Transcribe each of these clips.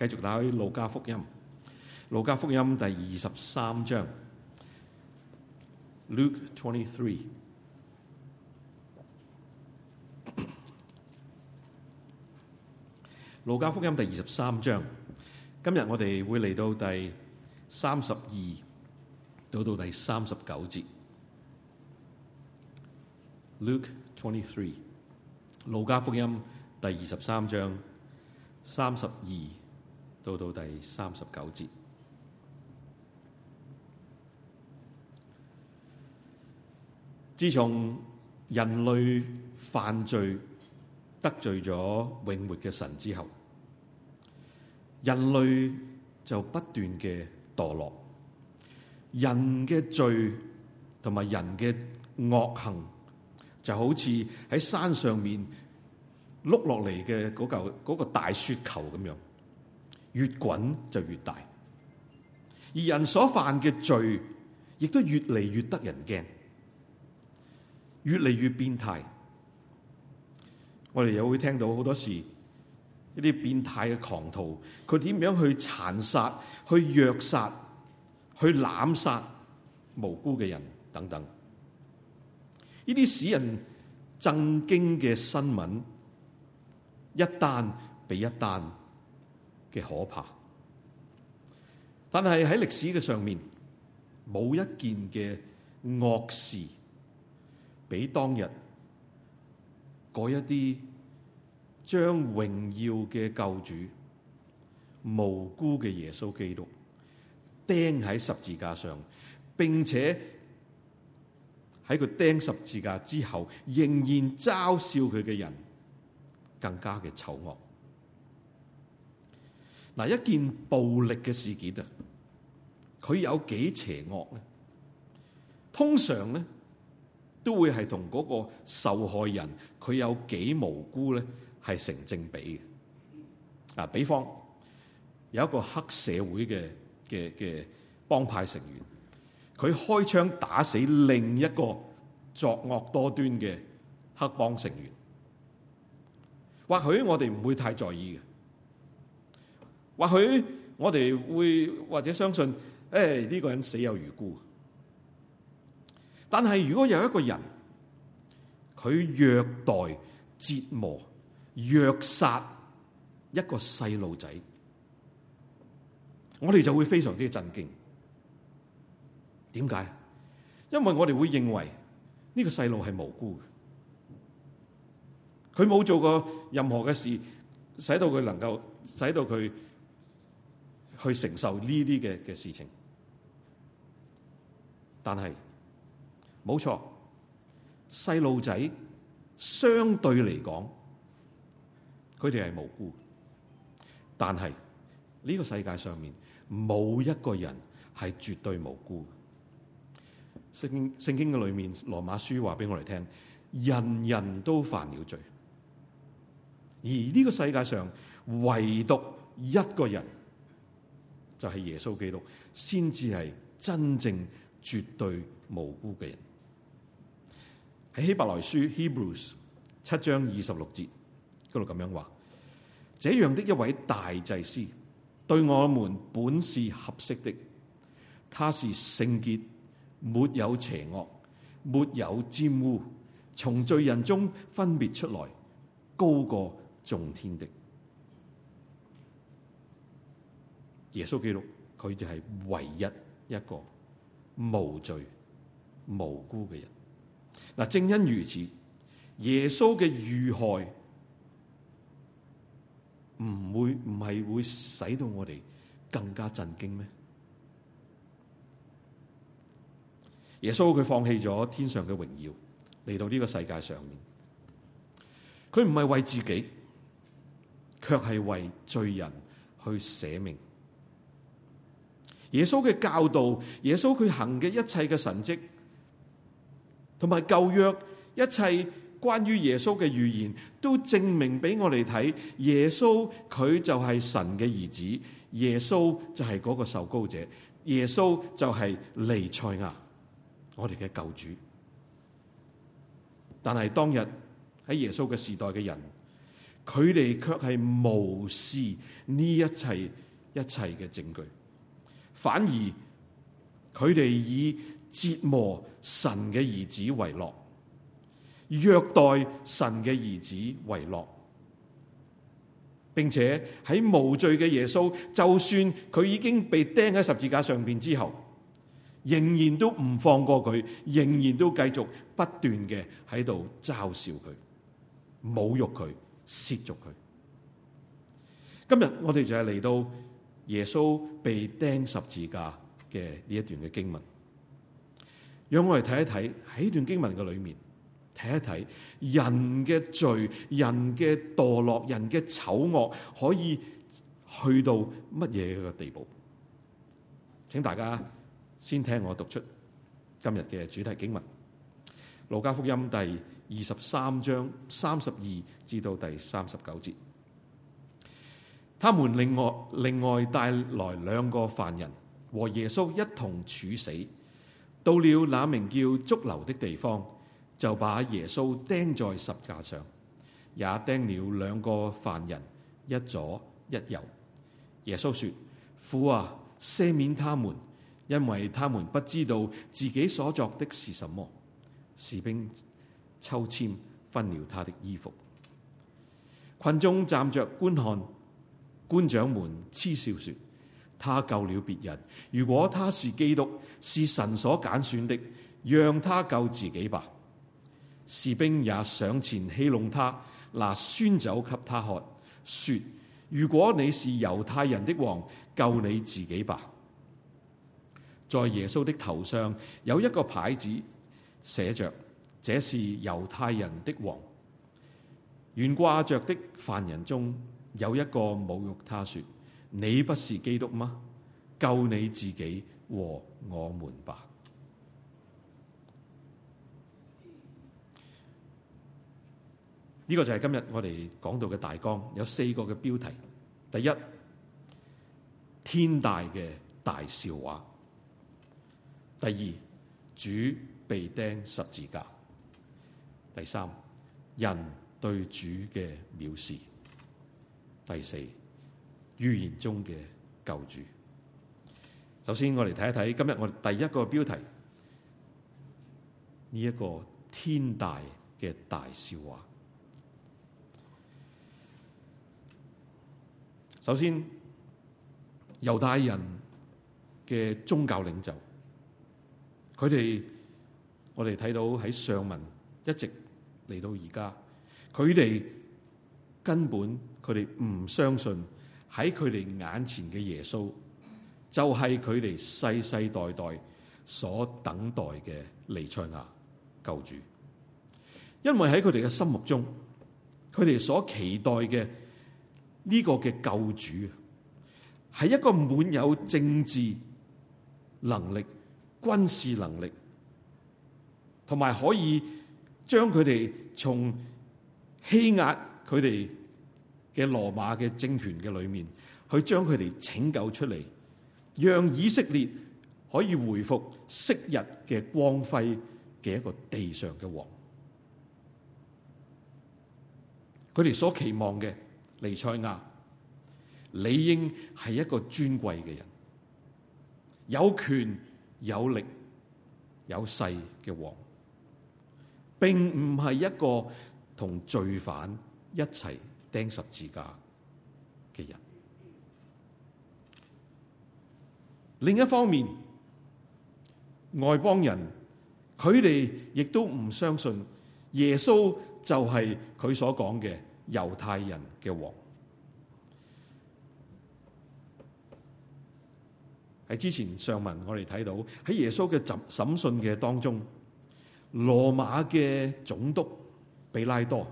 繼續打開《路加福音》，《路加福音》第二十三章。Luke twenty three，《路加福音》第二十三章。今日我哋會嚟到第三十二到到第三十九節。Luke twenty three，《路加福音》第二十三章三十二。到到第三十九節。自從人類犯罪得罪咗永活嘅神之後，人類就不斷嘅墮落，人嘅罪同埋人嘅惡行就好似喺山上面碌落嚟嘅嗰嚿嗰個大雪球咁樣。越滾就越大，而人所犯嘅罪，亦都越嚟越得人驚，越嚟越變態。我哋又會聽到好多事，一啲變態嘅狂徒，佢點樣去殘殺、去虐殺、去濫殺無辜嘅人等等。呢啲使人震驚嘅新聞，一單比一單嘅可怕，但係喺歷史嘅上面，冇一件嘅惡事，比當日嗰一啲將榮耀嘅救主無辜嘅耶穌基督釘喺十字架上，並且喺佢釘十字架之後，仍然嘲笑佢嘅人，更加嘅醜惡。嗱，一件暴力嘅事件啊，佢有幾邪惡咧？通常咧，都會係同嗰個受害人佢有幾無辜咧，係成正比嘅。啊，比方有一個黑社會嘅嘅嘅幫派成員，佢開槍打死另一個作惡多端嘅黑幫成員，或許我哋唔會太在意嘅。或許我哋會或者相信，誒呢個人死有餘辜。但係如果有一個人，佢虐待、折磨、虐殺一個細路仔，我哋就會非常之震驚。點解？因為我哋會認為呢個細路係無辜嘅，佢冇做過任何嘅事，使到佢能夠使到佢。去承受呢啲嘅嘅事情，但係冇錯，細路仔相對嚟講，佢哋係無辜，但係呢個世界上面冇一個人係絕對無辜。聖經聖經嘅裏面，羅馬書話俾我哋聽，人人都犯了罪，而呢個世界上唯獨一個人。就係、是、耶穌基督，先至係真正絕對無辜嘅人。喺希伯來書 Hebrews 七章二十六節嗰度咁樣話：這樣的一位大祭司，對我們本是合適的，他是聖潔，沒有邪惡，沒有玷污，從罪人中分別出來，高過眾天的。耶穌基督佢就係唯一一個無罪無辜嘅人。嗱，正因如此，耶穌嘅遇害唔會唔係會使到我哋更加震驚咩？耶穌佢放棄咗天上嘅榮耀嚟到呢個世界上面，佢唔係為自己，卻係為罪人去捨命。耶穌嘅教導，耶穌佢行嘅一切嘅神蹟，同埋舊約一切關於耶穌嘅預言，都證明俾我哋睇，耶穌佢就係神嘅兒子，耶穌就係嗰個受膏者，耶穌就係彌賽亞，我哋嘅救主。但係當日喺耶穌嘅時代嘅人，佢哋卻係無視呢一切一切嘅證據。反而佢哋以折磨神嘅兒子為樂，虐待神嘅兒子為樂，並且喺無罪嘅耶穌，就算佢已經被釘喺十字架上邊之後，仍然都唔放過佢，仍然都繼續不斷嘅喺度嘲笑佢、侮辱佢、褻瀆佢。今日我哋就係嚟到耶穌被釘十字架嘅呢一段嘅經文，讓我哋睇一睇喺段經文嘅裏面睇一睇人嘅罪、人嘅墮落、人嘅醜惡可以去到乜嘢嘅地步？請大家先聽我讀出今日嘅主題經文《路加福音》第二十三章三十二至到第三十九節。他們另外另外帶來兩個犯人和耶穌一同處死，到了那名叫髑髏的地方，就把耶穌釘在十架上，也釘了兩個犯人一左一右。耶穌說：父啊，赦免他們，因為他們不知道自己所作的是什麼。士兵抽籤分了他的衣服，群眾站着觀看。官長們嗤笑說：他救了別人，如果他是基督，是神所揀選的，讓他救自己吧。士兵也上前戲弄他，拿酸酒給他喝，說：如果你是猶太人的王，救你自己吧。在耶穌的頭上有一個牌子，寫着：這是猶太人的王。懸掛着的犯人中，有一個侮辱他說：你不是基督嗎？救你自己和我們吧！呢個就係今日我哋講到嘅大綱，有四個嘅標題：第一，天大嘅大笑話；第二，主被釘十字架；第三，人對主嘅藐視。第四，預言中嘅救主。首先，我哋嚟睇一睇今日我哋第一個標題，呢、這、一個天大嘅大笑話。首先，猶太人嘅宗教領袖，佢哋我哋睇到喺上文一直嚟到而家，佢哋根本。佢哋唔相信喺佢哋眼前嘅耶穌，就係佢哋世世代代所等待嘅彌賽亞救主。因為喺佢哋嘅心目中，佢哋所期待嘅呢個嘅救主，係一個滿有政治能力、軍事能力，同埋可以將佢哋從欺壓佢哋。嘅羅馬嘅政權嘅裏面，去將佢哋拯救出嚟，讓以色列可以恢復昔日嘅光輝嘅一個地上嘅王。佢哋所期望嘅彌賽亞，理應係一個尊貴嘅人，有權有力有勢嘅王，並唔係一個同罪犯一齊釘十字架嘅人。另一方面，外邦人佢哋亦都唔相信耶穌就係佢所講嘅猶太人嘅王。喺之前上文我哋睇到，喺耶穌嘅審審訊嘅當中，羅馬嘅總督比拉多，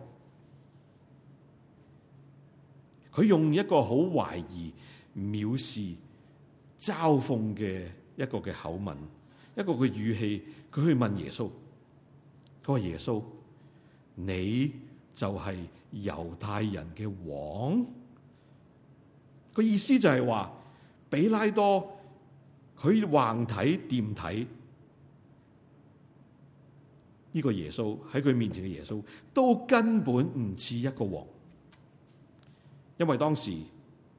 佢用一個好懷疑、藐視、嘲諷嘅一個嘅口吻，一個嘅語氣，佢去問耶穌，佢話耶穌，你就係猶太人嘅王？個意思就係話，比拉多佢橫睇掂睇呢個耶穌喺佢面前嘅耶穌，都根本唔似一個王。因為當時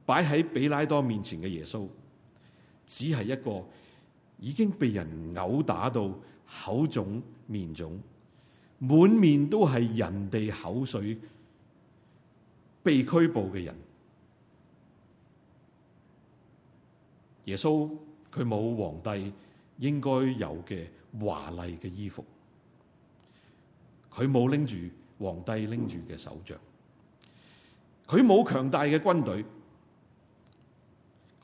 擺喺比拉多面前嘅耶穌，只係一個已經被人毆打到口腫面腫、滿面都係人哋口水被拘捕嘅人。耶穌佢冇皇帝應該有嘅華麗嘅衣服，佢冇拎住皇帝拎住嘅手杖。佢冇強大嘅軍隊，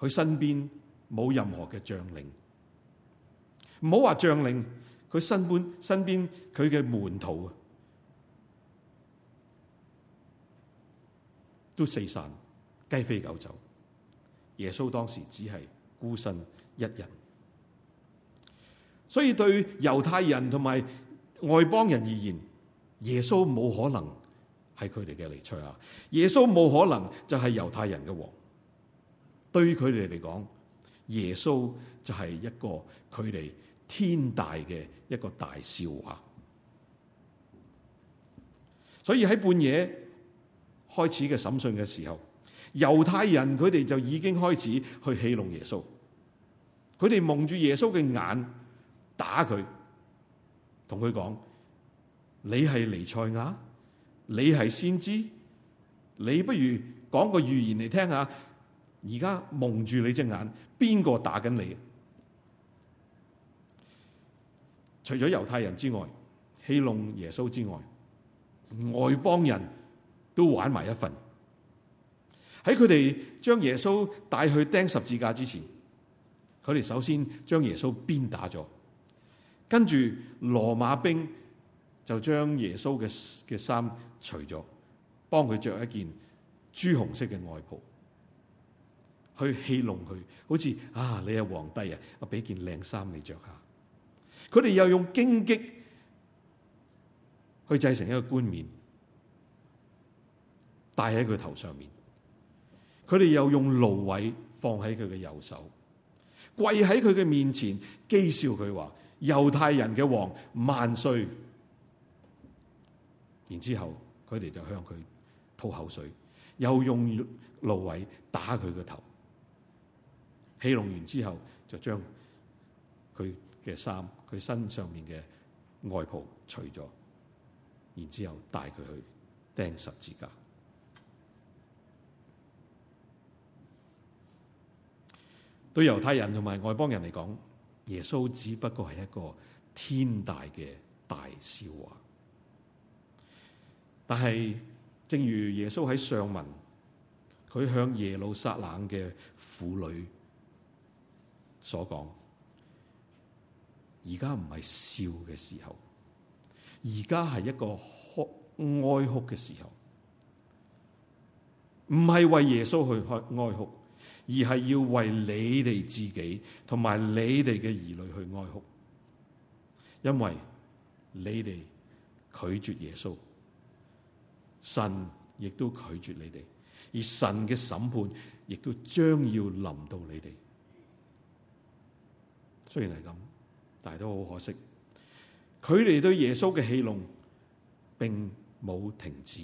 佢身邊冇任何嘅將領，唔好話將領，佢身邊身邊佢嘅門徒啊，都四散，雞飛狗走。耶穌當時只係孤身一人，所以對猶太人同埋外邦人而言，耶穌冇可能。係佢哋嘅彌賽亞，耶穌冇可能就係猶太人嘅王，對於佢哋嚟講，耶穌就係一個佢哋天大嘅一個大笑話。所以喺半夜開始嘅審訊嘅時候，猶太人佢哋就已經開始去戲弄耶穌，佢哋蒙住耶穌嘅眼打佢，同佢講，你係彌賽亞。你係先知，你不如講個預言嚟聽下。而家蒙住你隻眼，邊個打緊你？除咗猶太人之外，戲弄耶穌之外，外邦人都玩埋一份。喺佢哋將耶穌帶去釘十字架之前，佢哋首先將耶穌鞭打咗，跟住羅馬兵。就將耶穌嘅嘅衫除咗，幫佢着一件朱紅色嘅外袍，去戲弄佢，好似啊你係皇帝啊，我俾件靚衫你着下。佢哋又用荊棘去製成一個冠冕，戴喺佢頭上面。佢哋又用蘆葦放喺佢嘅右手，跪喺佢嘅面前，譏笑佢話：猶太人嘅王萬歲！然之後，佢哋就向佢吐口水，又用蘆葦打佢個頭。戲弄完之後，就將佢嘅衫，佢身上面嘅外袍除咗，然之後帶佢去釘十字架。對猶太人同埋外邦人嚟講，耶穌只不過係一個天大嘅大笑話。但係，正如耶穌喺上文，佢向耶路撒冷嘅婦女所講，而家唔係笑嘅時候，而家係一個哭哀哭嘅時候，唔係為耶穌去去哀哭，而係要為你哋自己同埋你哋嘅兒女去哀哭，因為你哋拒絕耶穌。神亦都拒絕你哋，而神嘅審判亦都將要臨到你哋。雖然係咁，但係都好可惜。佢哋對耶穌嘅戲弄並冇停止，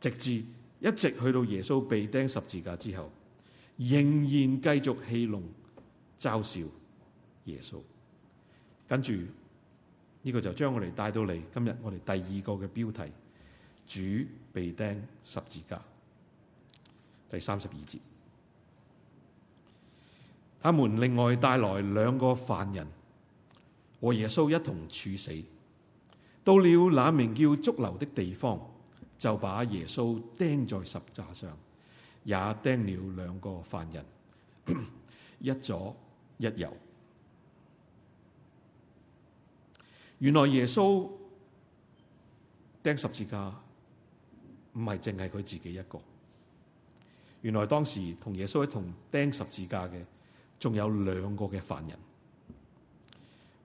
直至一直去到耶穌被釘十字架之後，仍然繼續戲弄嘲笑耶穌。跟住。呢、這個就將我哋帶到嚟今日我哋第二個嘅標題：主被釘十字架，第三十二節。他們另外帶來兩個犯人和耶穌一同處死。到了那名叫髑髏的地方，就把耶穌釘在十字架上，也釘了兩個犯人，一左一右。原來耶穌釘十字架唔係淨係佢自己一個，原來當時同耶穌一同釘十字架嘅仲有兩個嘅犯人。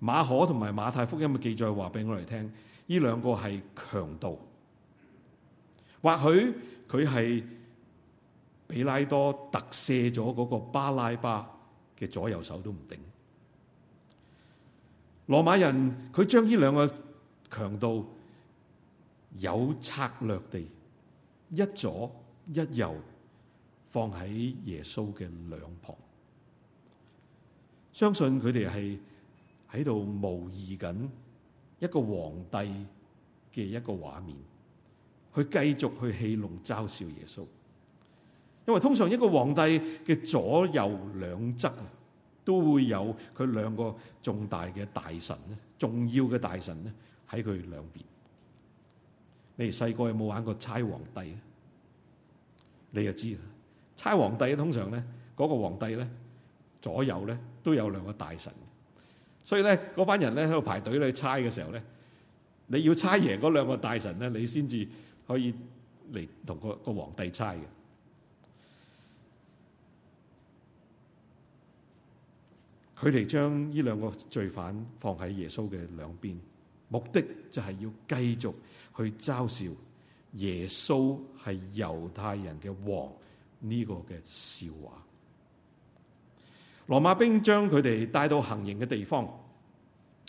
馬可同埋馬太福音嘅記載話俾我哋聽，呢兩個係強盜，或許佢係比拉多特赦咗嗰個巴拉巴嘅左右手都唔定。羅馬人佢將呢兩個強盜有策略地一左一右放喺耶穌嘅兩旁，相信佢哋係喺度模擬緊一個皇帝嘅一個畫面，去繼續去戲弄嘲笑耶穌。因為通常一個皇帝嘅左右兩側都會有佢兩個重大嘅大臣咧，重要嘅大臣咧喺佢兩邊。你哋細個有冇玩過猜皇帝？你就知啦，猜皇帝通常咧，嗰個皇帝咧，左右咧都有兩個大臣。所以咧，嗰班人咧喺度排隊你猜嘅時候咧，你要猜贏嗰兩個大臣咧，你先至可以嚟同個個皇帝猜嘅。佢哋將呢兩個罪犯放喺耶穌嘅兩邊，目的就係要繼續去嘲笑耶穌係猶太人嘅王呢個嘅笑話。羅馬兵將佢哋帶到行刑嘅地方，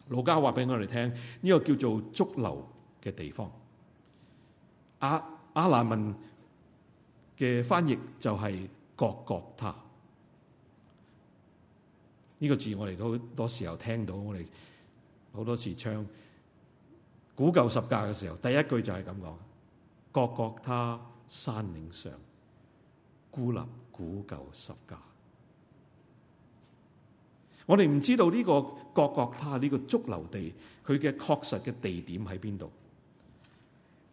路加話俾我哋聽，呢、這個叫做髑髏嘅地方。阿亞蘭文嘅翻譯就係各各他。呢、這個字我哋都好多時候聽到，我哋好多時唱《古舊十架》嘅時候，第一句就係咁講：各各他山嶺上，孤立古舊十架。我哋唔知道呢個各各他呢、這個髑髏地，佢嘅確實嘅地點喺邊度？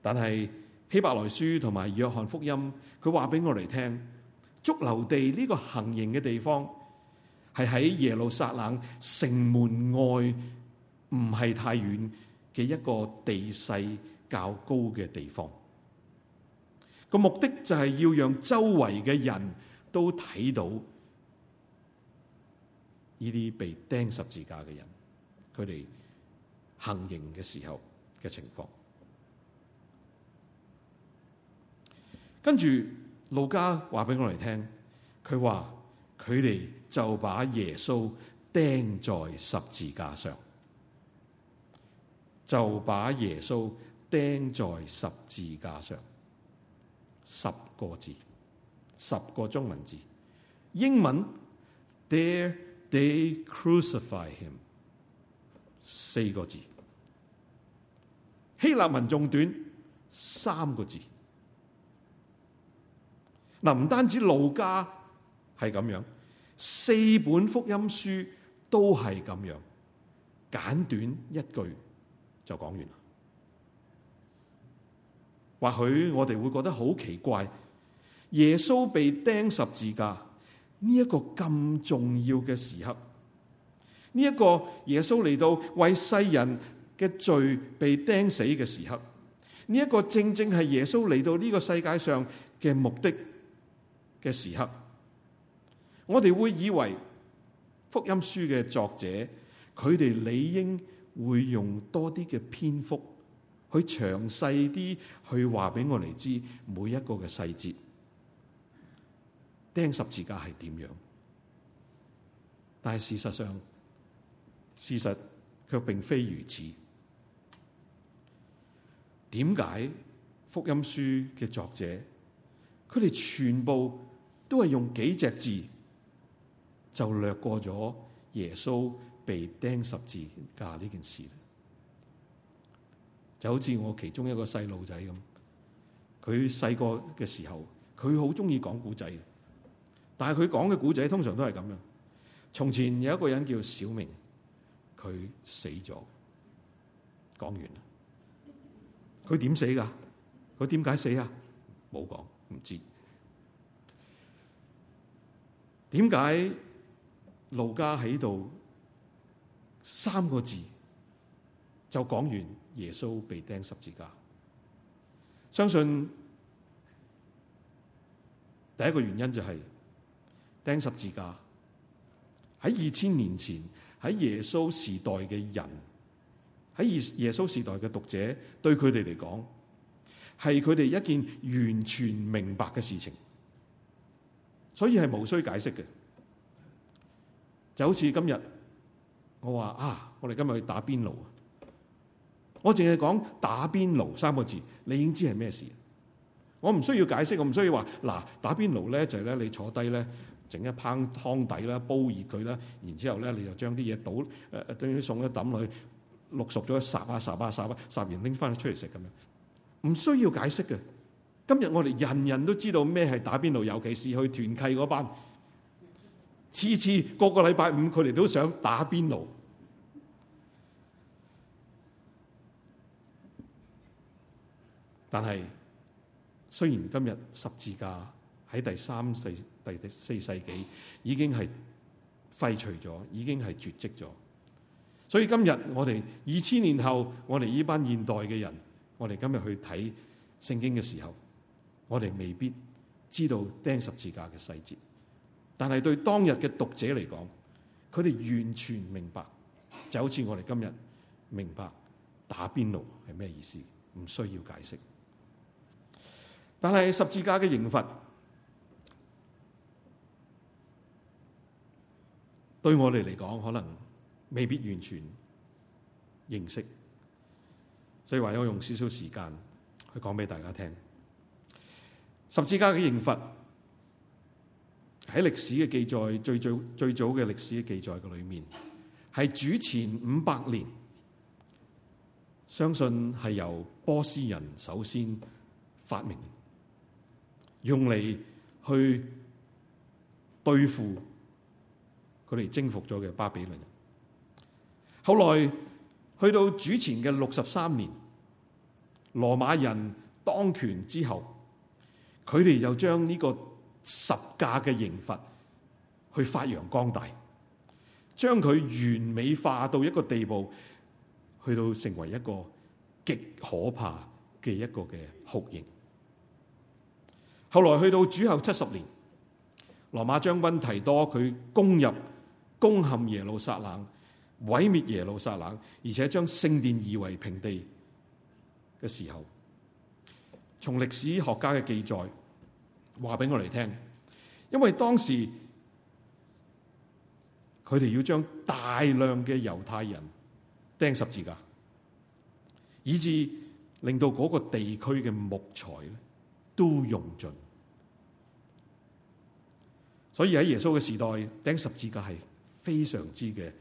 但係希伯來書同埋約翰福音，佢話俾我哋聽，髑髏地呢個行刑嘅地方，係喺耶路撒冷城門外唔係太遠嘅一個地勢較高嘅地方。個目的就係要讓周圍嘅人都睇到呢啲被釘十字架嘅人，佢哋行刑嘅時候嘅情況。跟住路加話俾我哋聽，佢話佢哋。就把耶穌釘在十字架上。就把耶穌釘在十字架上，十個字，十個中文字，英文 There they crucify him，四個字，希臘文仲短，三個字，嗱、啊、唔單止路加係咁樣。四本福音書都係咁樣，簡短一句就講完啦。或許我哋會覺得好奇怪，耶穌被釘十字架呢一個咁重要嘅時刻，呢一個耶穌嚟到為世人嘅罪被釘死嘅時刻，呢一個正正係耶穌嚟到呢個世界上嘅目的嘅時刻。我哋會以為福音書嘅作者，佢哋理應會用多啲嘅篇幅去詳細啲去話俾我哋知每一個嘅細節，釘十字架係點樣，但係事實上，事實卻並非如此。點解福音書嘅作者，佢哋全部都係用幾隻字？就掠過咗耶穌被釘十字架呢件事，就好似我其中一個細路仔咁，佢細個嘅時候，佢好中意講古仔，但係佢講嘅古仔通常都係咁樣。從前有一個人叫小明，佢死咗，講完。佢點死噶？佢點解死啊？冇講，唔知。點解？路加喺度，三個字就講完耶穌被釘十字架。相信第一個原因就係釘十字架，喺二千年前，喺耶穌時代嘅人，喺耶耶穌時代嘅讀者對佢哋嚟講，係佢哋一件完全明白嘅事情，所以係無需解釋嘅。就好似今日，我話啊，我哋今日去打邊爐啊！我淨係講打邊爐三個字，你已經知係咩事。我唔需要解釋，我唔需要話嗱，打邊爐咧，就係咧，你坐低咧整一烹湯底啦，煲熱佢啦，然之後咧你就將啲嘢倒，誒誒，將啲餸一揼落去，淥熟咗烚下烚下烚下，烚完拎翻出嚟食咁樣。唔需要解釋嘅。今日我哋人人都知道咩係打邊爐，尤其是去團契嗰班。次次個個禮拜五，佢哋都想打邊爐。但係雖然今日十字架喺第三世、第四世紀已經係廢除咗，已經係絕跡咗。所以今日我哋二千年後，我哋呢班現代嘅人，我哋今日去睇聖經嘅時候，我哋未必知道釘十字架嘅細節。但係對當日嘅讀者嚟講，佢哋完全明白，就好似我哋今日明白打邊爐係咩意思，唔需要解釋。但係十字架嘅刑罰，對我哋嚟講，可能未必完全認識，所以話我用少少時間去講俾大家聽，十字架嘅刑罰。喺歷史嘅記載，最最最早嘅歷史嘅記載嘅裏面，係主前五百年，相信係由波斯人首先發明，用嚟，去對付佢哋征服咗嘅巴比倫。後來去到主前嘅六十三年，羅馬人當權之後，佢哋又將呢個。十架嘅刑罰，去發揚光大，將佢完美化到一個地步，去到成為一個極可怕嘅一個嘅酷刑。後來去到主後七十年，羅馬將軍提多佢攻入，攻陷耶路撒冷，毀滅耶路撒冷，而且將聖殿夷為平地嘅時候，從歷史學家嘅記載。話俾我哋聽，因為當時佢哋要將大量嘅猶太人釘十字架，以致令到嗰個地區嘅木材咧都用盡。所以喺耶穌嘅時代，釘十字架係非常之嘅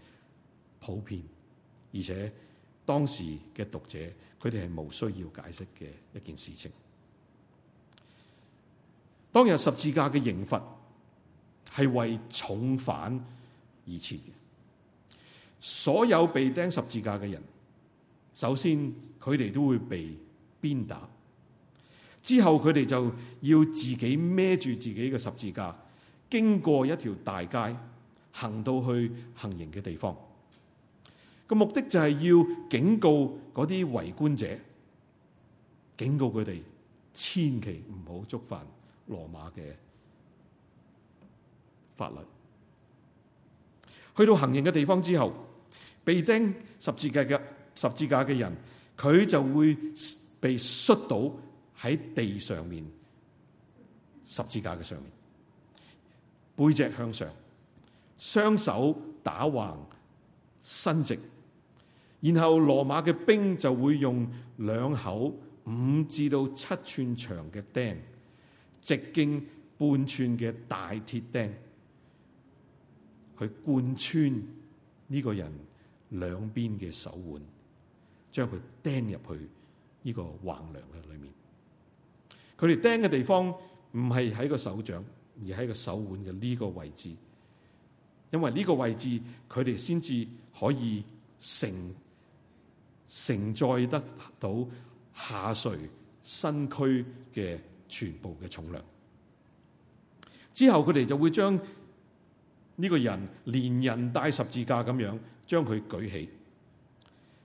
普遍，而且當時嘅讀者佢哋係冇需要解釋嘅一件事情。當日十字架嘅刑罰係為重犯而設嘅。所有被釘十字架嘅人，首先佢哋都會被鞭打，之後佢哋就要自己孭住自己嘅十字架，經過一條大街，行到去行刑嘅地方。個目的就係要警告嗰啲圍觀者，警告佢哋千祈唔好觸犯羅馬嘅法律，去到行刑嘅地方之後，被釘十字架嘅十字架嘅人，佢就會被摔倒喺地上面十字架嘅上面，背脊向上，雙手打橫伸直，然後羅馬嘅兵就會用兩口五至到七寸長嘅釘。直徑半寸嘅大鐵釘，去貫穿呢個人兩邊嘅手腕，將佢釘入去呢個橫樑嘅裏面。佢哋釘嘅地方唔係喺個手掌，而喺個手腕嘅呢個位置，因為呢個位置佢哋先至可以承承載得到下垂身軀嘅全部嘅重量之後，佢哋就會將呢個人連人帶十字架咁樣將佢舉起，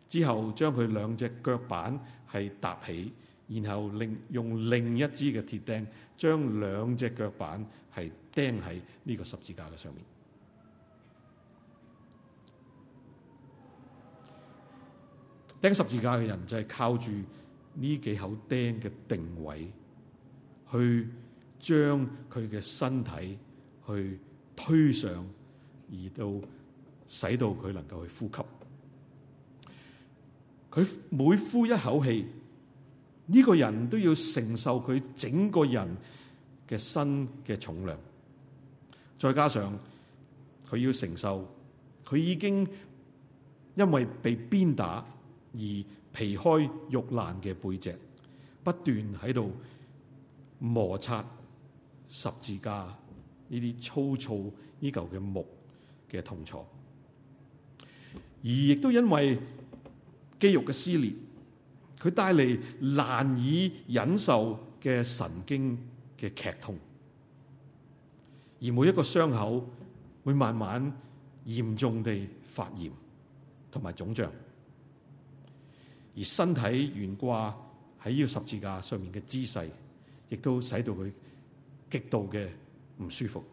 之後將佢兩隻腳板係搭起，然後另用另一支嘅鐵釘將兩隻腳板係釘喺呢個十字架嘅上面。釘十字架嘅人就係靠住呢幾口釘嘅定位，去將佢嘅身體去推上，而到使到佢能夠去呼吸。佢每呼一口氣，呢、這個人都要承受佢整個人嘅身嘅重量，再加上佢要承受佢已經因為被鞭打而皮開肉爛嘅背脊，不斷喺度。摩擦十字架呢啲粗糙呢嚿嘅木嘅痛楚，而亦都因為肌肉嘅撕裂，佢帶嚟難以忍受嘅神經嘅劇痛，而每一個傷口會慢慢嚴重地發炎同埋腫脹，而身體懸掛喺呢個十字架上面嘅姿勢。亦都使到佢極度嘅唔舒服，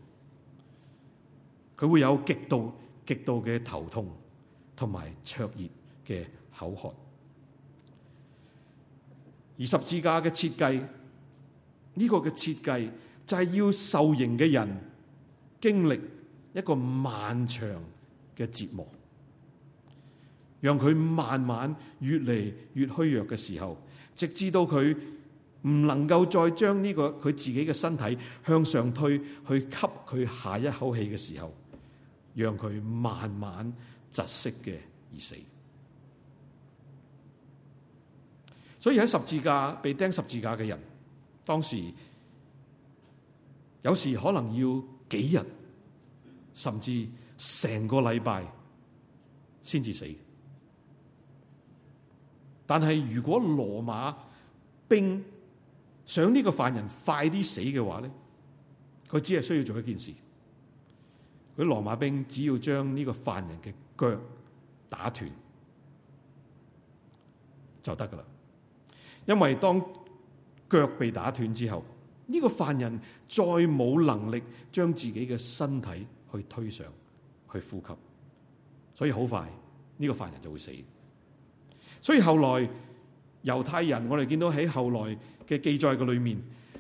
佢會有極度極度嘅頭痛，同埋灼熱嘅口渴。而十字架嘅設計，呢個嘅設計就係要受刑嘅人經歷一個漫長嘅折磨，讓佢慢慢越嚟越虛弱嘅時候，直至到佢唔能夠再將呢個佢自己嘅身體向上推，去吸佢下一口氣嘅時候，讓佢慢慢窒息嘅而死。所以喺十字架被釘十字架嘅人，當時有時可能要幾日，甚至成個禮拜先至死。但係如果羅馬兵，想呢個犯人快啲死嘅話咧，佢只係需要做一件事。佢羅馬兵只要將呢個犯人嘅腳打斷就得㗎喇。因為當腳被打斷之後，呢個犯人再冇能力將自己嘅身體去推上去呼吸，所以好快呢個犯人就會死。所以後來猶太人我哋見到喺後來嘅記載嘅裏面，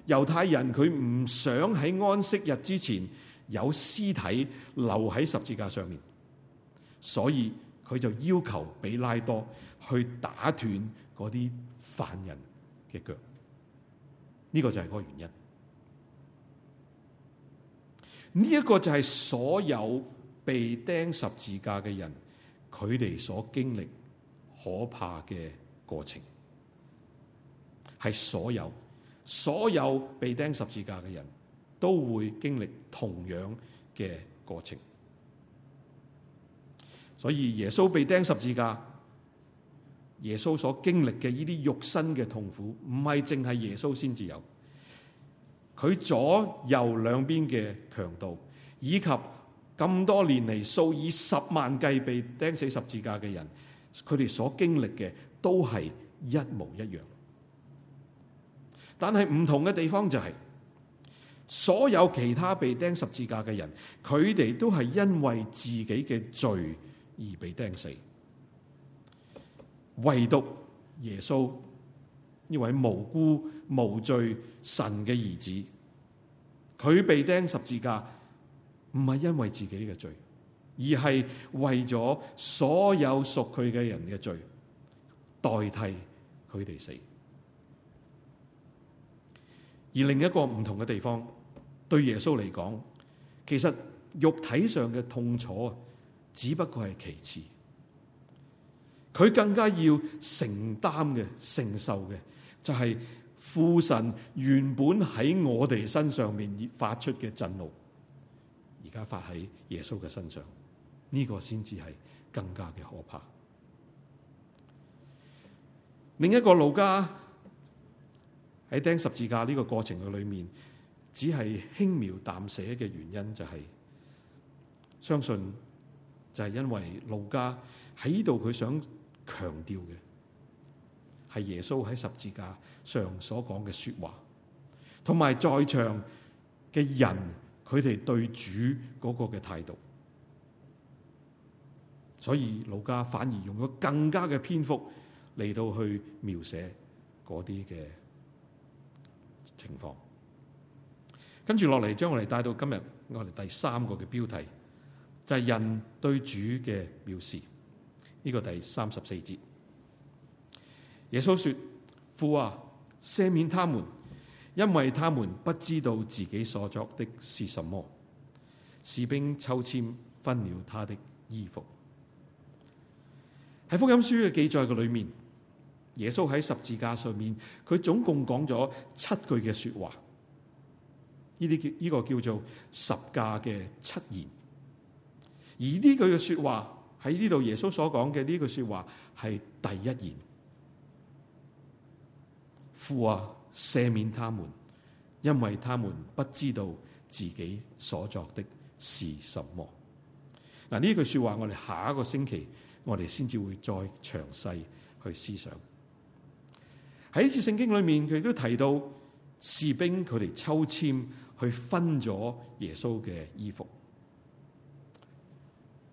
猶太人佢唔想喺安息日之前有屍體留喺十字架上面，所以佢就要求比拉多去打斷嗰啲犯人嘅腳。呢個就係個原因。呢一個就係所有被釘十字架嘅人佢哋所經歷可怕嘅過程。係所有所有被釘十字架嘅人都會經歷同樣嘅過程，所以耶穌被釘十字架，耶穌所經歷嘅呢啲肉身嘅痛苦，唔係淨係耶穌先至有。佢左右兩邊嘅強盜，以及咁多年嚟數以十萬計被釘死十字架嘅人，佢哋所經歷嘅都係一模一樣。但係唔同嘅地方就係、是，所有其他被釘十字架嘅人，佢哋都係因為自己嘅罪而被釘死。唯獨耶穌，呢位無辜無罪神嘅兒子，佢被釘十字架唔係因為自己嘅罪，而係為咗所有屬佢嘅人嘅罪，代替佢哋死。而另一個唔同嘅地方，對耶穌嚟講，其實肉體上嘅痛楚只不過係其次。佢更加要承擔嘅、承受嘅，就係、是、父神原本喺我哋身上面而發出嘅震怒，而家發喺耶穌嘅身上，呢、這個先至係更加嘅可怕。另一個路加。喺釘十字架呢個過程裏面，只係輕描淡寫嘅原因就係、是、相信就係因為路加喺度佢想強調嘅係耶穌喺十字架上所講嘅說話，同埋在場嘅人佢哋對主嗰個嘅態度，所以路加反而用咗更加嘅篇幅嚟到去描寫嗰啲嘅。情況，跟住落嚟，將我哋帶到今日，我哋第三個嘅標題就係、是、人對主嘅藐視。呢、這個第三十四節，耶穌說：父啊，赦免他們，因為他們不知道自己所作的是什麼。士兵抽籤分了他的衣服。喺福音書嘅記載嘅裏面。耶穌喺十字架上面，佢總共講咗七句嘅說話，呢啲叫呢個叫做十架嘅七言。而呢句嘅說話喺呢度，耶穌所講嘅呢句說話係第一言。父啊，赦免他們，因為他們不知道自己所作的是什麼。嗱，呢句說話，我哋下一個星期我哋先至會再詳細去思想。喺呢次聖經裏面，佢亦都提到士兵佢哋抽籤去分咗耶穌嘅衣服。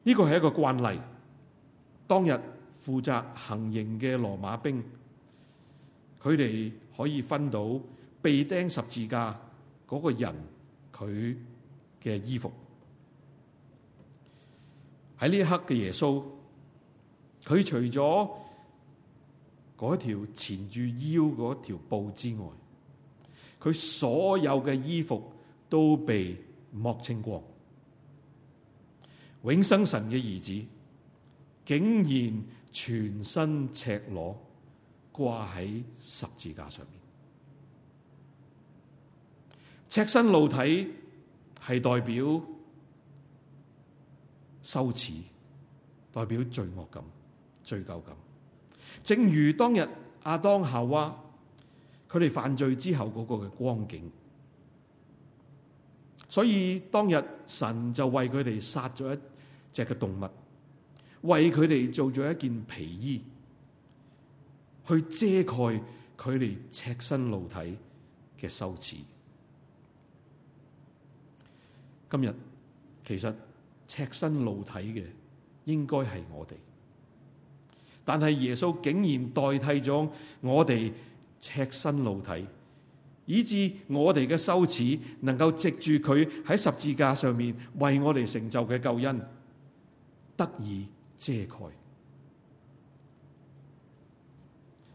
呢個係一個慣例。當日負責行刑嘅羅馬兵，佢哋可以分到被釘十字架嗰個人佢嘅衣服。喺呢一刻嘅耶穌，佢除咗嗰條纏住腰嗰條布之外，佢所有嘅衣服都被剝清光。永生神嘅兒子竟然全身赤裸掛喺十字架上面，赤身露體係代表羞恥，代表罪惡感、罪疚感。正如當日阿當夏娃佢哋犯罪之後嗰個嘅光景，所以當日神就為佢哋殺咗一隻嘅動物，為佢哋做咗一件皮衣，去遮蓋佢哋赤身露體嘅羞恥。今日其實赤身露體嘅應該係我哋。但係耶穌竟然代替咗我哋赤身露體，以致我哋嘅羞恥能夠藉住佢喺十字架上面為我哋成就嘅救恩，得以遮蓋。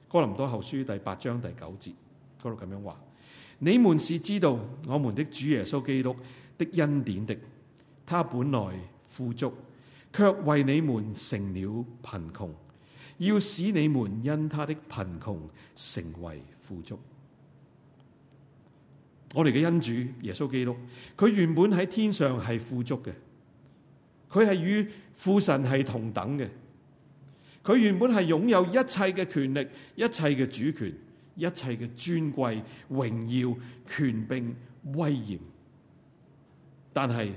哥林多後書第八章第九節嗰度咁樣話：你們是知道我們的主耶穌基督的恩典的，他本來富足，卻為你們成了貧窮。要使你們因他的貧窮成為富足，我哋嘅恩主耶穌基督，佢原本喺天上係富足嘅，佢係與父神係同等嘅，佢原本係擁有一切嘅權力、一切嘅主權、一切嘅尊貴、榮耀、權柄、威嚴，但係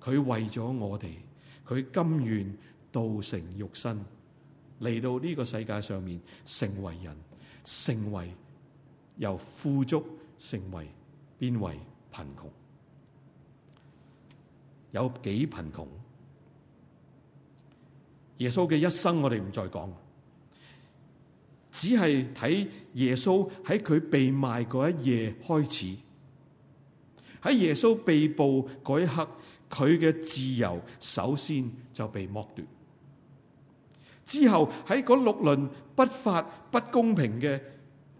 佢為咗我哋，佢甘願道成肉身。嚟到呢個世界上面，成為人，成為由富足成為變為貧窮，有幾貧窮？耶穌嘅一生我哋唔再講，只係睇耶穌喺佢被賣嗰一夜開始，喺耶穌被捕嗰一刻，佢嘅自由首先就被剝奪。之後喺嗰六輪不法不公平嘅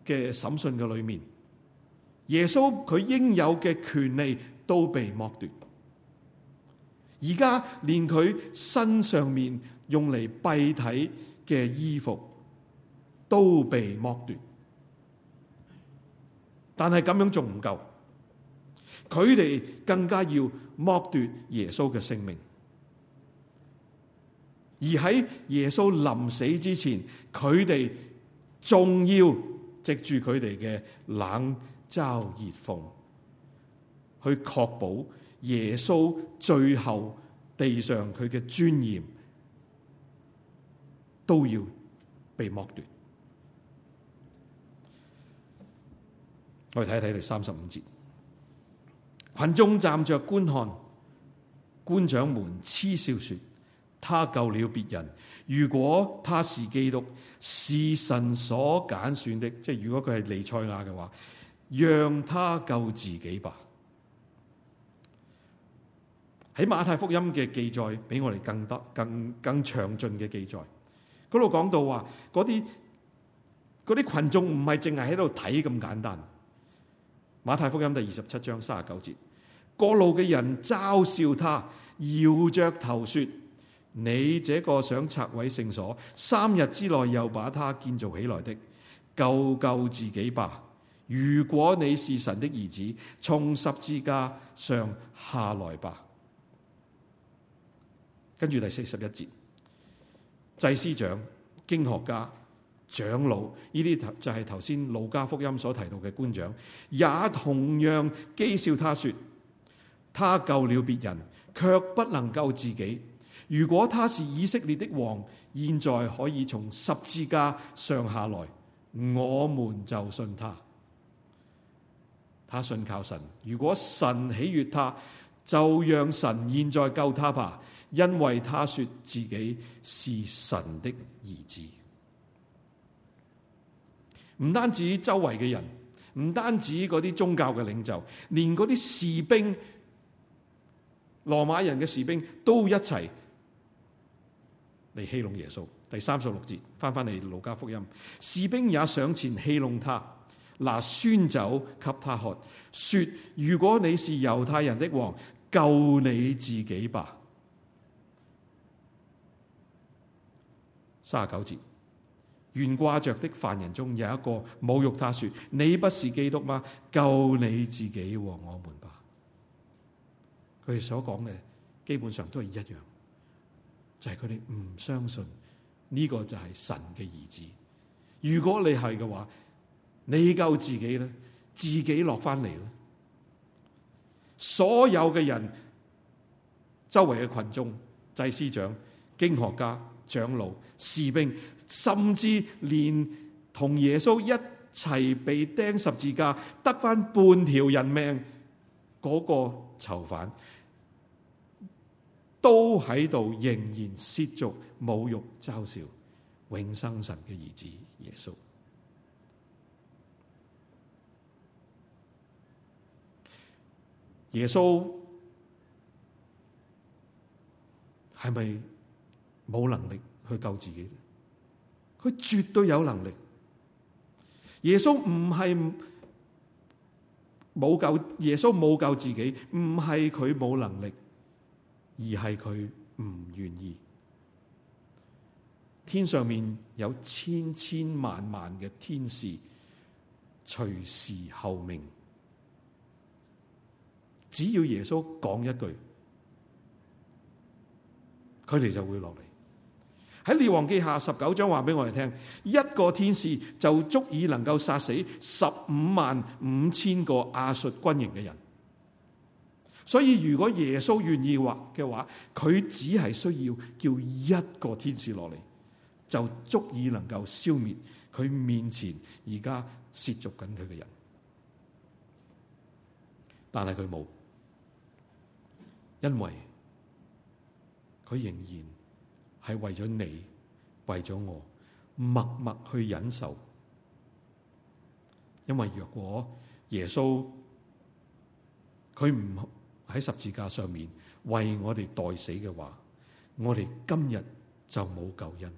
嘅審訊嘅裏面，耶穌佢應有嘅權利都被剝奪，而家連佢身上面用嚟蔽體嘅衣服都被剝奪，但係咁樣仲唔夠，佢哋更加要剝奪耶穌嘅性命。而喺耶穌臨死之前，佢哋仲要藉住佢哋嘅冷嘲熱諷，去確保耶穌最後地上佢嘅尊嚴都要被剝奪。我哋睇睇第三十五節，群眾站着觀看，官長們嗤笑說。他救了別人。如果他是基督，是神所揀選的，即係如果佢係彌賽亞嘅話，讓他救自己吧。喺馬太福音嘅記載，比我哋更多、更更，更詳盡嘅記載，嗰度講到話，嗰啲嗰啲群眾唔係淨係喺度睇咁簡單。馬太福音第二十七章三十九節，過路嘅人嘲笑他，搖着頭說。你這個想拆毀聖所，三日之內又把它建造起來的，救救自己吧！如果你是神的兒子，從十字架上下來吧。跟住第四十一節，祭司長、經學家、長老，呢啲就係頭先《路加福音》所提到嘅官長，也同樣譏笑他說：他救了別人，卻不能救自己。如果他是以色列的王，現在可以從十字架上下來，我們就信他。他信靠神，如果神喜悦他，就讓神現在救他吧，因為他說自己是神的兒子。唔單止周圍嘅人，唔單止嗰啲宗教嘅領袖，連嗰啲士兵、羅馬人嘅士兵都一齊。嚟欺弄耶穌，第三十六節翻翻嚟路加福音，士兵也上前欺弄他，拿酸酒給他喝，說，如果你是猶太人的王，救你自己吧。三十九節，懸掛着的犯人中有一個侮辱他說，你不是基督嗎？救你自己和我們吧。佢哋所講嘅基本上都係一樣。就係佢哋唔相信呢，這個就係神嘅兒子。如果你係嘅話，你救自己咧，自己落翻嚟咧。所有嘅人、周圍嘅群眾、祭司長、經學家、長老、士兵，甚至連同耶穌一齊被釘十字架得翻半條人命嗰，那個囚犯，都喺度，仍然褻瀆、侮辱、嘲笑永生神嘅兒子耶穌。耶穌係咪冇能力去救自己？佢絕對有能力。耶穌唔係冇救，耶穌冇救自己，唔係佢冇能力。而係佢唔願意。天上面有千千萬萬嘅天使，隨時候命，只要耶穌講一句，佢哋就會落嚟。喺列王記下十九章話俾我哋聽，一個天使就足以能夠殺死十五萬五千個亞述軍營嘅人。所以如果耶穌願意話嘅話，佢只係需要叫一個天使落嚟，就足以能夠消滅佢面前而家涉足緊佢嘅人。但係佢冇，因為佢仍然係為咗你，為咗我，默默去忍受。因為若果耶穌佢唔，他不喺十字架上面為我哋代死嘅話，我哋今日就冇救恩，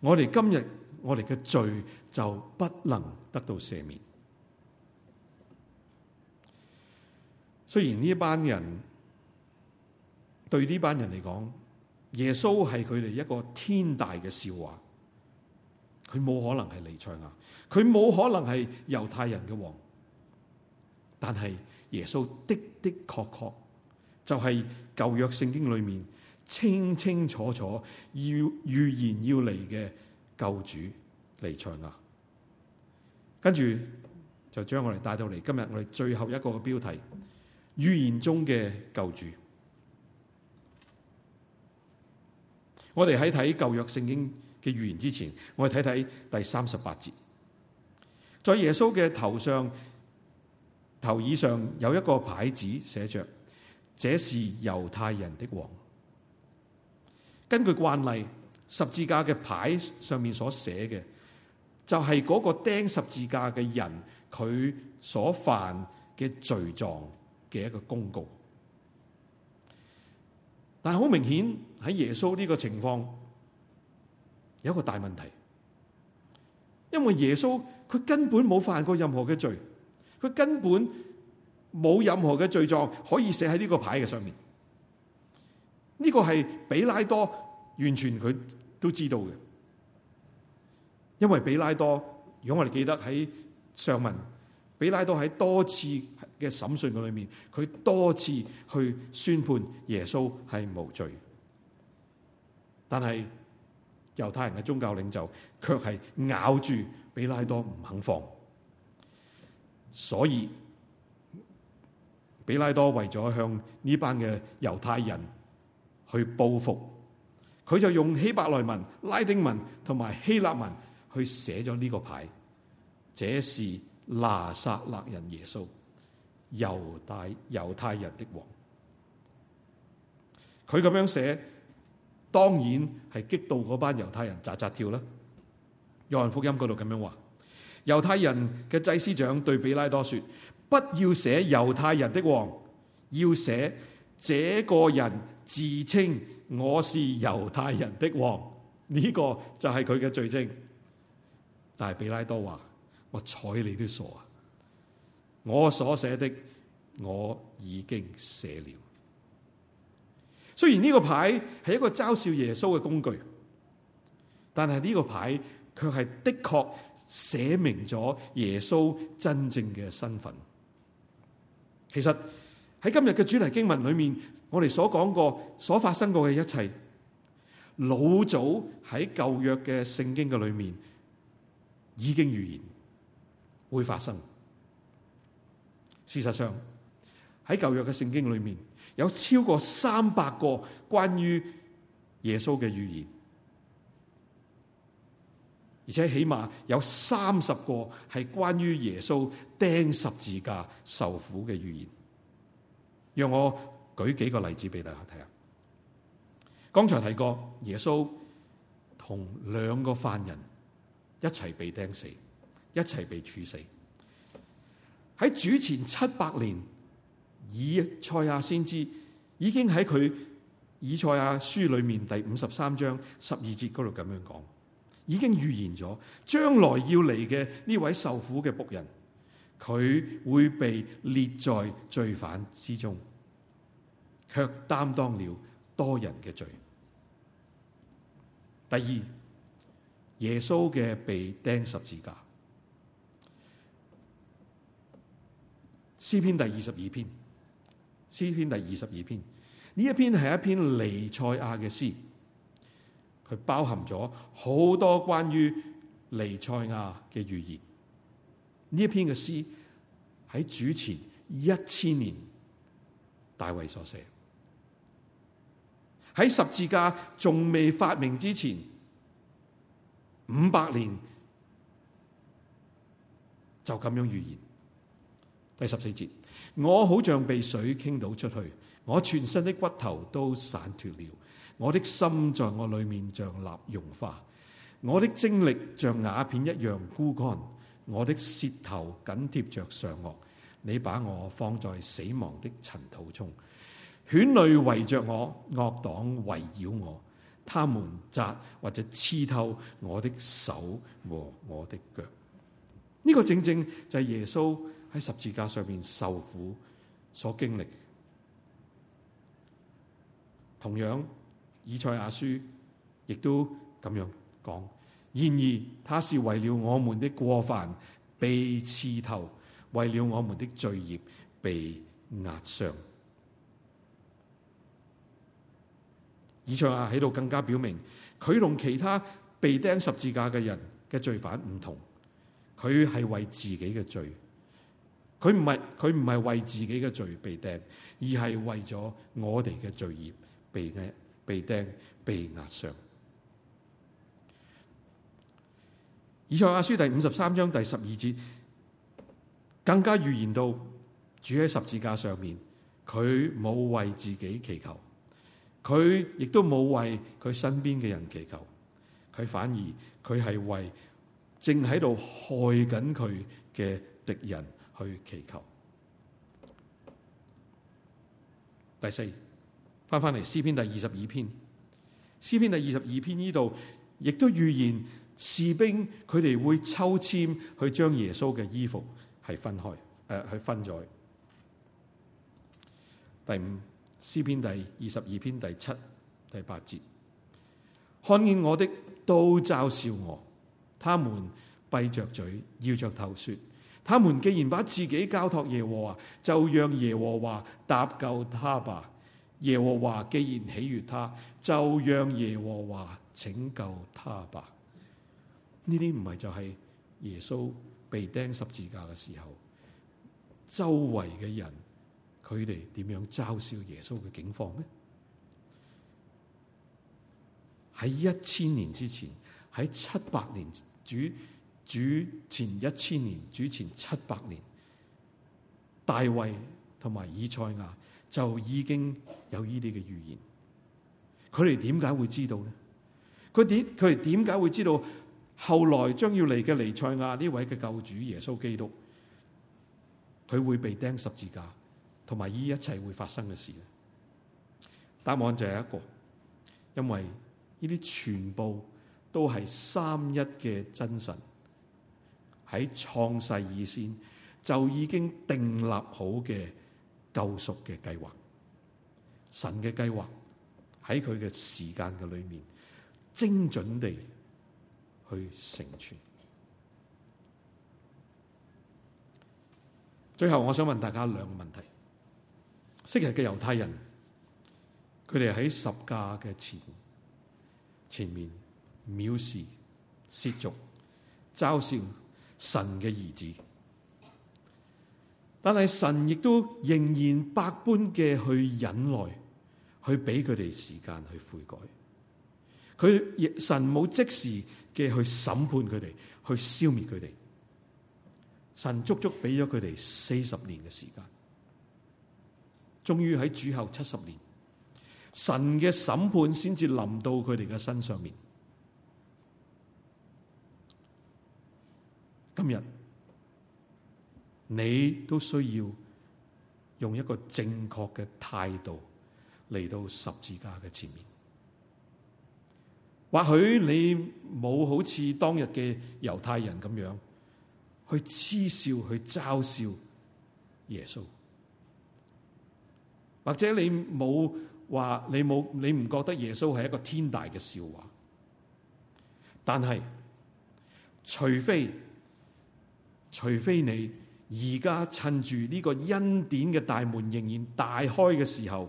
我哋今日我哋嘅罪就不能得到赦免。雖然呢班人對呢班人嚟講，耶穌係佢哋一個天大嘅笑話，佢冇可能係彌賽亞，佢冇可能係猶太人嘅王，但係。耶穌的的確確就係舊約聖經裏面清清楚楚要預言要嚟嘅救主嚟場啦，跟住就將我哋帶到嚟今日我哋最後一個嘅標題：預言中嘅救主。我哋喺睇舊約聖經嘅預言之前，我哋睇睇第三十八節，在耶穌嘅頭上。頭以上有一個牌子，寫着「這是猶太人的王」。根據慣例，十字架嘅牌上面所寫嘅，就是嗰個釘十字架嘅人佢所犯嘅罪狀嘅一個公告。但好明顯喺耶穌呢個情況，有一個大問題，因為耶穌佢根本冇犯過任何嘅罪。佢根本冇任何嘅罪狀可以寫喺呢個牌嘅上面。呢個係比拉多完全佢都知道嘅，因為比拉多如果我哋記得喺上文，比拉多喺多次嘅審訊嘅裏面，佢多次去宣判耶穌係無罪，但係猶太人嘅宗教領袖卻係咬住比拉多唔肯放。所以，彼拉多為咗向呢班嘅猶太人去報復，佢就用希伯來文、拉丁文同埋希臘文去寫咗呢個牌。這是拿撒勒人耶穌，猶大猶太人的王。佢咁樣寫，當然係激到嗰班猶太人扎扎跳啦。約翰福音嗰度咁樣話。猶太人嘅祭司長對比拉多說：不要寫猶太人的王，要寫這個人自稱我是猶太人的王。呢、這個就係佢嘅罪證。但係比拉多話：我睬你都傻啊，我所寫的我已經寫了。雖然呢個牌係一個嘲笑耶穌嘅工具，但係呢個牌卻係的確寫明咗耶穌真正嘅身份。其實喺今日嘅主題經文裏面，我哋所講過、所發生過嘅一切，老早喺舊約嘅聖經嘅裏面已經預言會發生。事實上，喺舊約嘅聖經裏面，有超過三百個關於耶穌嘅預言。而且起碼有三十個係關於耶穌釘十字架受苦嘅預言，讓我舉幾個例子俾大家睇下。剛才提過，耶穌同兩個犯人一齊被釘死，一齊被處死。喺主前七百年，以賽亞先知已經喺佢以賽亞書裏面第五十三章十二節嗰度咁樣講。已經預言咗將來要嚟嘅呢位受苦嘅僕人，佢會被列在罪犯之中，卻擔當了多人嘅罪。第二，耶穌嘅被釘十字架。詩篇第二十二篇，詩篇第二十二篇，呢一篇係一篇彌賽亞嘅詩。佢包含咗好多關於彌賽亞嘅預言。呢一篇嘅詩喺主前一千年，大衛所寫。喺十字架仲未發明之前，五百年就咁樣預言。第十四節，我好像被水傾倒出去，我全身的骨頭都散脱了。我的心在我裏面像蠟融化，我的精力像瓦片一樣枯乾，我的舌頭緊貼着上顎。你把我放在死亡的塵土中，犬類圍着我，惡黨圍繞我，他們扎或者刺透我的手和我的腳。呢、這個正正就係耶穌喺十字架上面受苦所經歷。同樣。以賽亞書亦都咁樣講，然而他是為了我們的過犯被刺透，為了我們的罪孽被壓傷。以賽亞喺度更加表明，佢同其他被釘十字架嘅人嘅罪犯唔同，佢係為自己嘅罪，佢唔係佢唔係為自己嘅罪被釘，而係為咗我哋嘅罪孽被壓。被釘、被壓傷。以賽亞書第五十三章第十二節，更加預言到主喺十字架上面，佢冇為自己祈求，佢亦都冇為佢身邊嘅人祈求，佢反而佢係為正喺度害緊佢嘅敵人去祈求。第四。翻翻嚟詩篇第二十二篇，詩篇第二十二篇呢度亦都預言士兵佢哋會抽簽去將耶穌嘅衣服係分開，誒、呃、去分咗。第五，詩篇第二十二篇第七、第八節，看見我的都嘲笑我，他們閉着嘴，搖着頭說：他們既然把自己交託耶和華，就讓耶和華搭救他吧。耶和華既然喜悅他，就讓耶和華拯救他吧。呢啲唔係就係耶穌被釘十字架嘅時候，周圍嘅人佢哋點樣嘲笑耶穌嘅境況呢？喺一千年之前，喺七百年主主前一千年，主前七百年，大衛同埋以賽亞。就已經有呢啲嘅預言，佢哋點解會知道咧？佢點佢哋點解會知道後來將要嚟嘅彌賽亞呢位嘅救主耶穌基督，佢會被釘十字架，同埋呢一切會發生嘅事咧？答案就係一個，因為呢啲全部都係三一嘅真神喺創世以先就已經定立好嘅。救贖嘅計劃，神嘅計劃喺佢嘅時間嘅裏面，精準地去成全。最後我想問大家兩個問題：昔日嘅猶太人，佢哋喺十架嘅前前面藐視、褻瀆、嘲笑神嘅兒子。但係神亦都仍然百般嘅，去忍耐，去俾佢哋時間去悔改。佢神冇即時嘅去審判佢哋，去消滅佢哋。神足足俾咗佢哋四十年嘅時間，終於喺主後七十年，神嘅審判先至臨到佢哋嘅身上面。今日。你都需要用一個正確嘅態度嚟到十字架嘅前面。或許你冇好似當日嘅猶太人咁樣去嗤笑，去嘲笑耶穌，或者你冇話你冇你唔覺得耶穌係一個天大嘅笑話。但係，除非除非你。而家趁住呢個恩典嘅大門仍然大開嘅時候，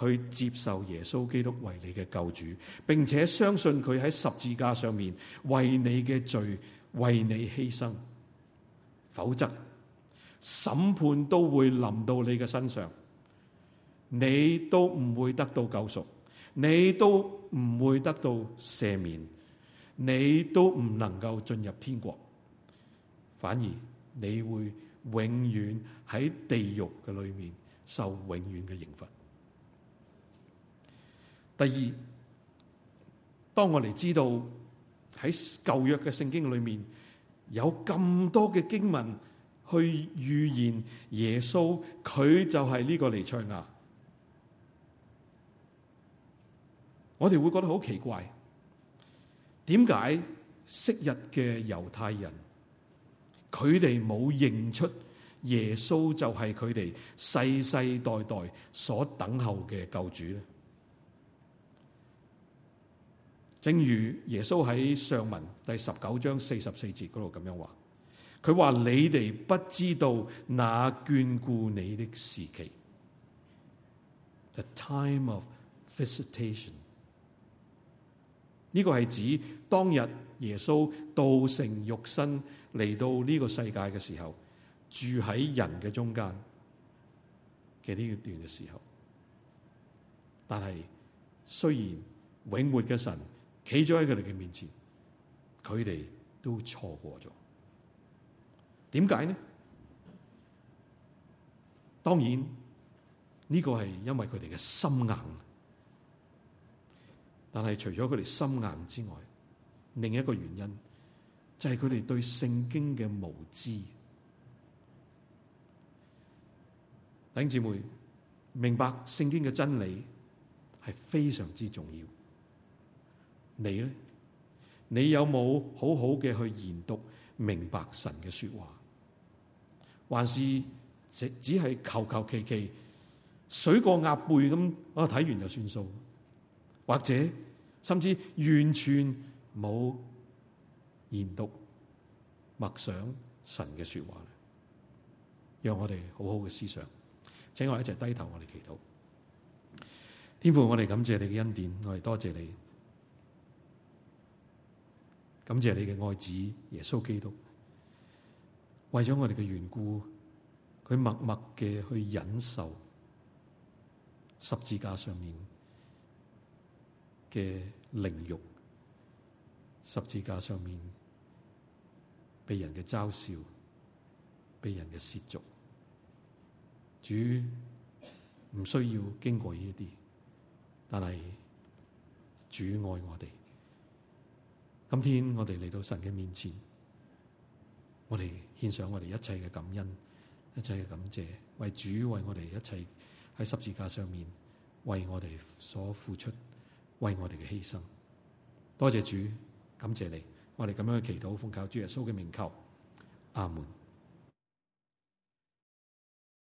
去接受耶穌基督為你嘅救主，並且相信佢喺十字架上面為你嘅罪，為你犧牲。否則審判都會臨到你嘅身上，你都唔會得到救贖，你都唔會得到赦免，你都唔能夠進入天國。反而。你會永遠喺地獄嘅裏面受永遠嘅刑罰。第二，當我哋知道喺舊約嘅聖經裏面有咁多嘅經文去預言耶穌，佢就係呢個彌賽亞，我哋會覺得好奇怪，點解昔日嘅猶太人？佢哋冇認出耶穌就係佢哋世世代代所等候嘅救主咧。正如耶穌喺上文第十九章四十四節嗰度咁樣話，佢話，你哋不知道那眷顧你的時期。The time of visitation，呢個係指當日耶穌道成肉身。嚟到呢個世界嘅時候，住喺人嘅中間嘅呢段嘅時候，但係雖然永活嘅神企咗喺佢哋嘅面前，佢哋都錯過咗。點解呢？當然，呢個係因為佢哋嘅心硬。但係除咗佢哋心硬之外，另一個原因。就係佢哋對聖經嘅無知，弟兄姊妹，明白聖經嘅真理係非常之重要。你呢？你有冇好好嘅去研讀明白神嘅說話？還是只只係求求其其水過鴨背咁啊？睇完就算數，或者甚至完全冇。研讀默想神嘅說話咧，讓我哋好好嘅思想，請我一齊低頭，我哋祈禱。天父，我哋感謝你嘅恩典，我哋多謝你，感謝你嘅愛子耶穌基督，為咗我哋嘅緣故，佢默默嘅去忍受十字架上面嘅凌辱，十字架上面。被人嘅嘲笑，被人嘅褻瀆，主唔需要經過呢啲，但係主愛我哋。今天我哋嚟到神嘅面前，我哋獻上我哋一切嘅感恩，一切嘅感謝，為主為我哋一切喺十字架上面，為我哋所付出，為我哋嘅犧牲。多謝主，感謝你。我哋咁樣去祈禱，奉靠主耶穌嘅名求，阿門。